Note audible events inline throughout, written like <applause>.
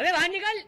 अबे बाहर निकल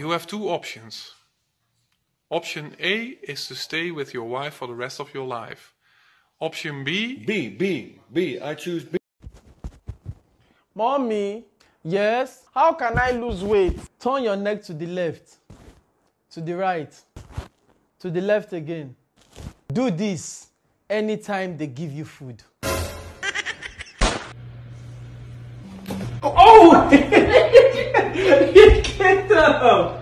You have two options. Option A is to stay with your wife for the rest of your life. Option B. B, B, B. I choose B. Mommy, yes? How can I lose weight? Turn your neck to the left, to the right to the left again. Do this anytime they give you food. Oh! Get <laughs> up!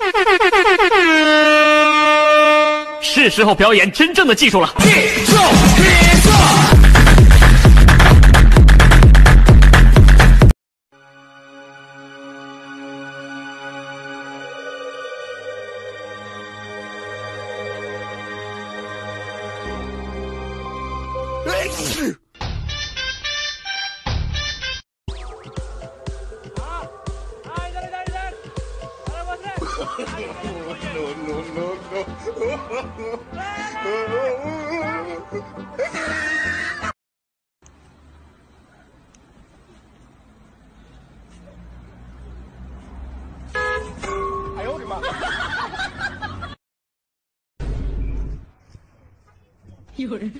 <laughs> 是时候表演真正的技术了。嘿！有人。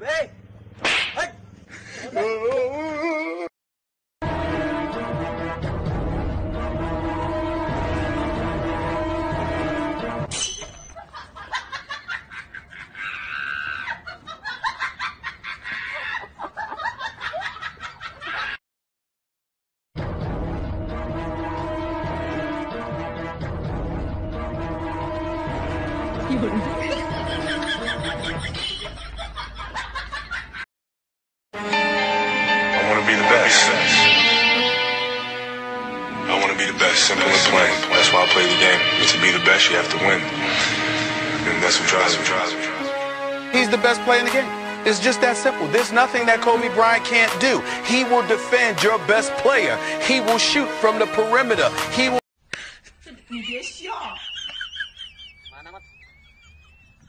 喂。I want to be the best. I want to be the best. Simple and plain. That's why I play the game. But to be the best, you have to win. And that's what drives me. He's the best player in the game. It's just that simple. There's nothing that Kobe Bryant can't do. He will defend your best player. He will shoot from the perimeter. He will.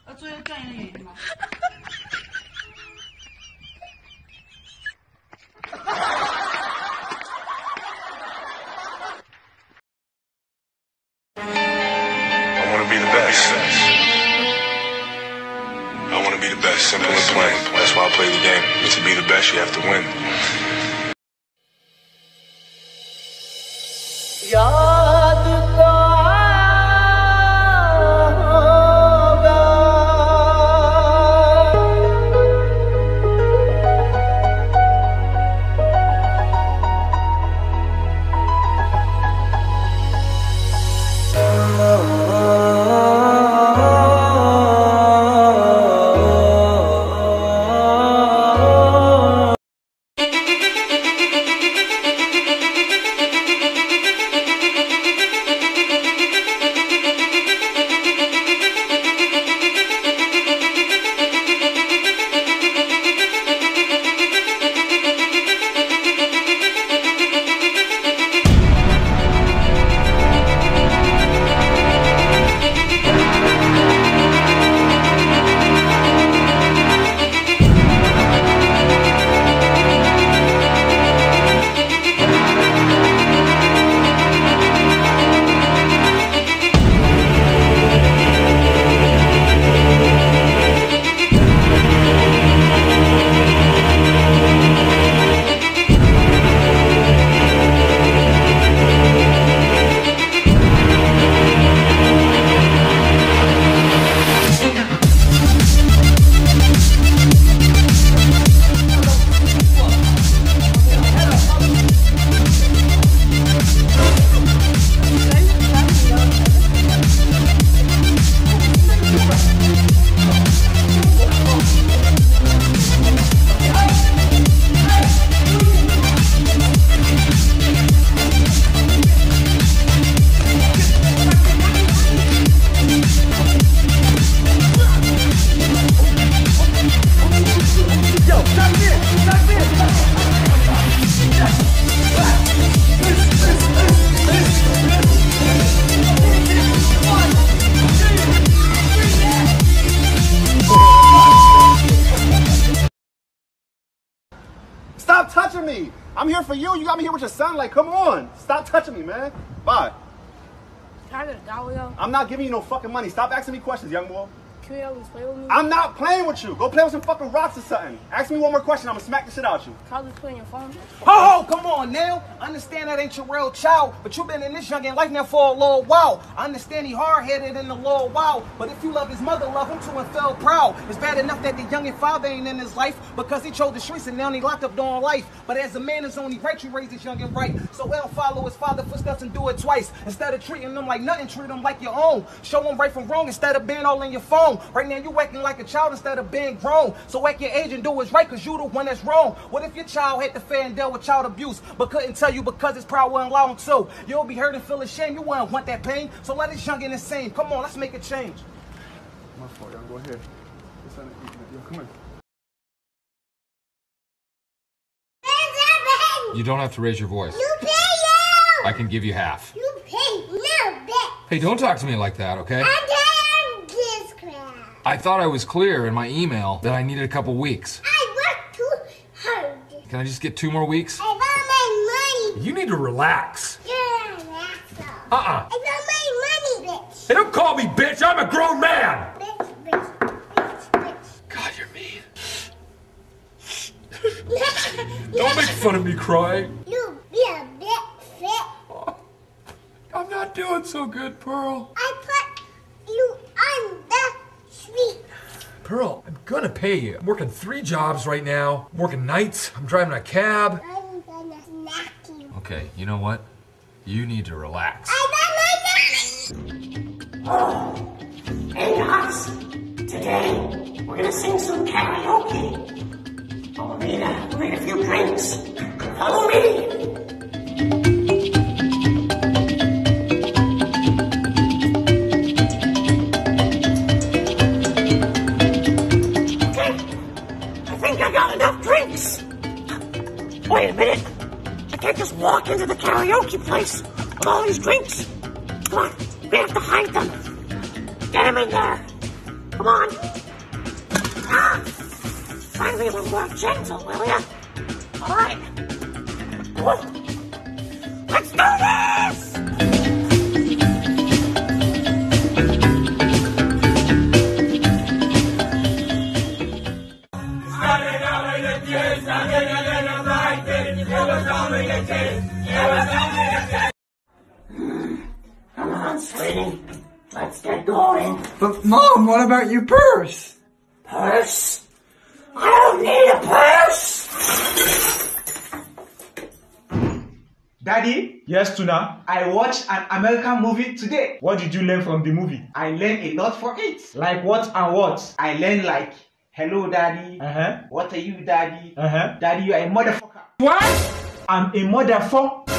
要做要赚一个演员吗？Simple and plain. That's why I play the game. to be the best, you have to win. Yeah. I'm here for you. You got me here with your son. Like, come on. Stop touching me, man. Bye. Can I get a dollar, yo? I'm not giving you no fucking money. Stop asking me questions, young boy. Can play with me? I'm not playing with you. Go play with some fucking rocks or something. Ask me one more question. I'm gonna smack the shit out you. i playing play your phone. Oh, come on now. I understand that ain't your real child, but you've been in this young life now for a little while. I understand he hard headed in a little while, but if you love his mother, love him too and feel proud. It's bad enough that the youngin' father ain't in his life because he chose the streets and now he locked up doing life. But as a man, it's only right you raise this youngin' right. So El follow his father's footsteps and do it twice. Instead of treating them like nothing, treat them like your own. Show them right from wrong instead of being all in your phone. Right now, you acting like a child instead of being grown. So act your age and do what's right, cause you the one that's wrong. What if your child had to fair and dealt with child abuse, but couldn't tell you because his pride wasn't long too? You'll be hurt and feel ashamed. You wouldn't want that pain. So let us young and insane. Come on, let's make a change. My fault, y'all go ahead. Yo, come here. You don't have to raise your voice. You pay now. I can give you half. You pay now, bitch. Hey, don't talk to me like that, okay? I thought I was clear in my email that I needed a couple weeks. I worked too hard. Can I just get two more weeks? I want my money. You need to relax. You're an asshole. Uh-uh. I want my money, bitch. They don't call me bitch. I'm a grown man. Bitch, bitch, bitch, bitch. God, you're mean. <laughs> don't make fun of me crying. You be a bit fit. I'm not doing so good, Pearl. I Girl, I'm gonna pay you. I'm working three jobs right now. I'm working nights. I'm driving a cab. I'm gonna smack you. Okay, you know what? You need to relax. I got my money! <gasps> Hey guys! Today, we're gonna sing some karaoke. I'll read a, read a few drinks. Follow me! into the karaoke place with all these drinks. Come on, we have to hide them. Get them in there. Come on. Ah, finally, we're more gentle, will ya? All right. Whoa. screaming. Let's get going. But mom, what about your purse? Purse? I don't need a purse. Daddy? Yes, Tuna? I watched an American movie today. What did you learn from the movie? I learned a lot for it. Like what and what? I learned like, hello, daddy. Uh-huh. What are you, daddy? Uh-huh. Daddy, you are a motherfucker. What? I'm a motherfucker.